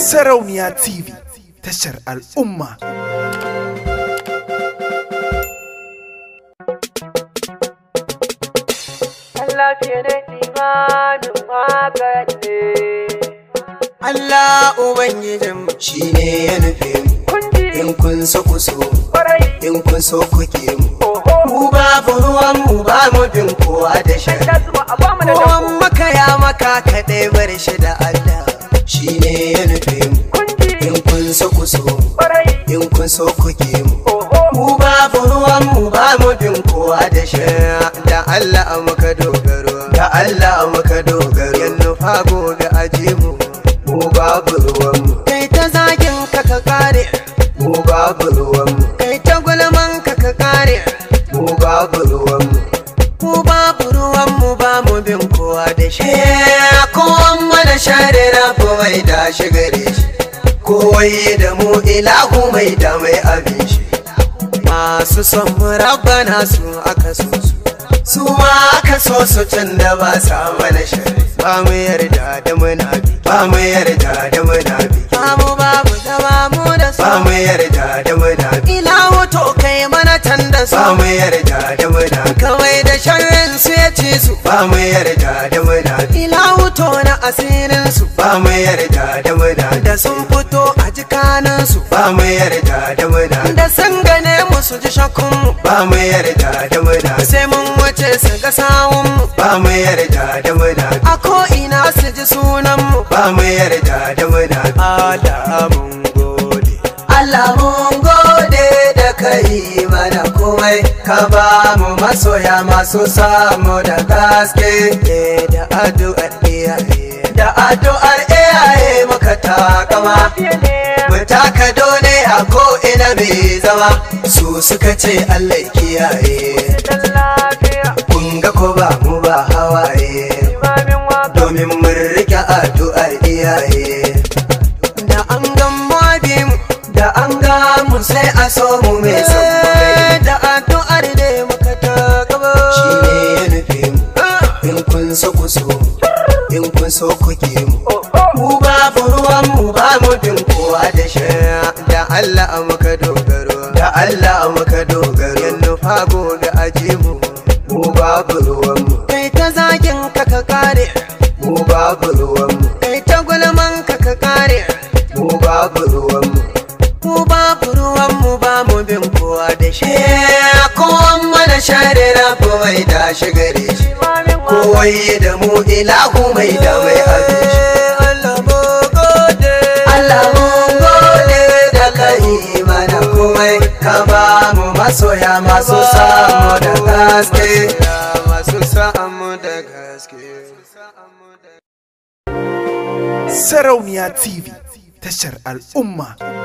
Sarauniya TV tashar al'umma. Allah fiye imanin Ubangijin shi ne ya nufi mu, in kun so ku so, in kun so ku ke mu. ku babu ruwan mu ba mu bin kowa da shi. Ruwan maka ya maka kaɗai bar shi da Allah. shi ne ya nufe mu in kun so ku so in kun so ku ke mu mu ba ruwan mu ba mu bin kowa da shi. da Allah muka dogaro da Allah muka dogaro yan nufa gobe aje mu mu ba ruwan mu kai ta zakin ka ka kare mu ba ruwan mu kai ta gulman ka ka kare mu ba ruwan mu mu ba ruwan mu ba mu bin kowa da shi. kowan mu da share da shi gare shi kowai da mu ilahu mai da mai abin shi masu son rabbana su aka so su su ma aka so su can da ba sa mana shari ba mu yarda da muna bi ba mu yarda da muna bi ba mu babu da ba mu da su ba mu yarda da muna bi ilahu to kai mana tan da su ba mu yarda da muna bi kawai da sharrin su ya ci su ba mu yarda da muna bi ilahu to na asirin su ba mu yarda da muna da sun fito a jikanansu. ba mu yarda da muna da sun gane mu su ji shakkun mu ba mu yarda da muna sai mun wuce su ga sawun mu ba mu yarda da muna a ko ina su ji sunan mu ba mu yarda da muna Allah mun gode Allah mun gode da kai mana komai ka ba mu masoya masu samu da gaske da addu'a iyaye da addu'ar iyaye muka takama mu taka dole a ko ina bai zama su suka ce Allah kiyaye kun ga ko ba mu ba hawaye domin mun rike addu'ar iyaye da an ga mu da an ga mu sai a so mu mai ku kuso in kun so ku mu mu babu ruwan mu ba mu bin kowa da shaya da Allah muka dogaro da Allah muka dogaro yan fago da aji mu mu babu ruwan mu kai ta zakin ka ka kare mu babu ruwan mu kai ta gulman ka ka kare mu babu ruwan mu mu babu ruwan mu ba mu bin kowa da shaya kowan mana share rafi mai da shigari koyi da mu ilahu mai da mai abinci Allah mu gode da ka yi mana komai ka ba mu masoya masu samu da masu samu da gaske Sarauniya TV tashar al'umma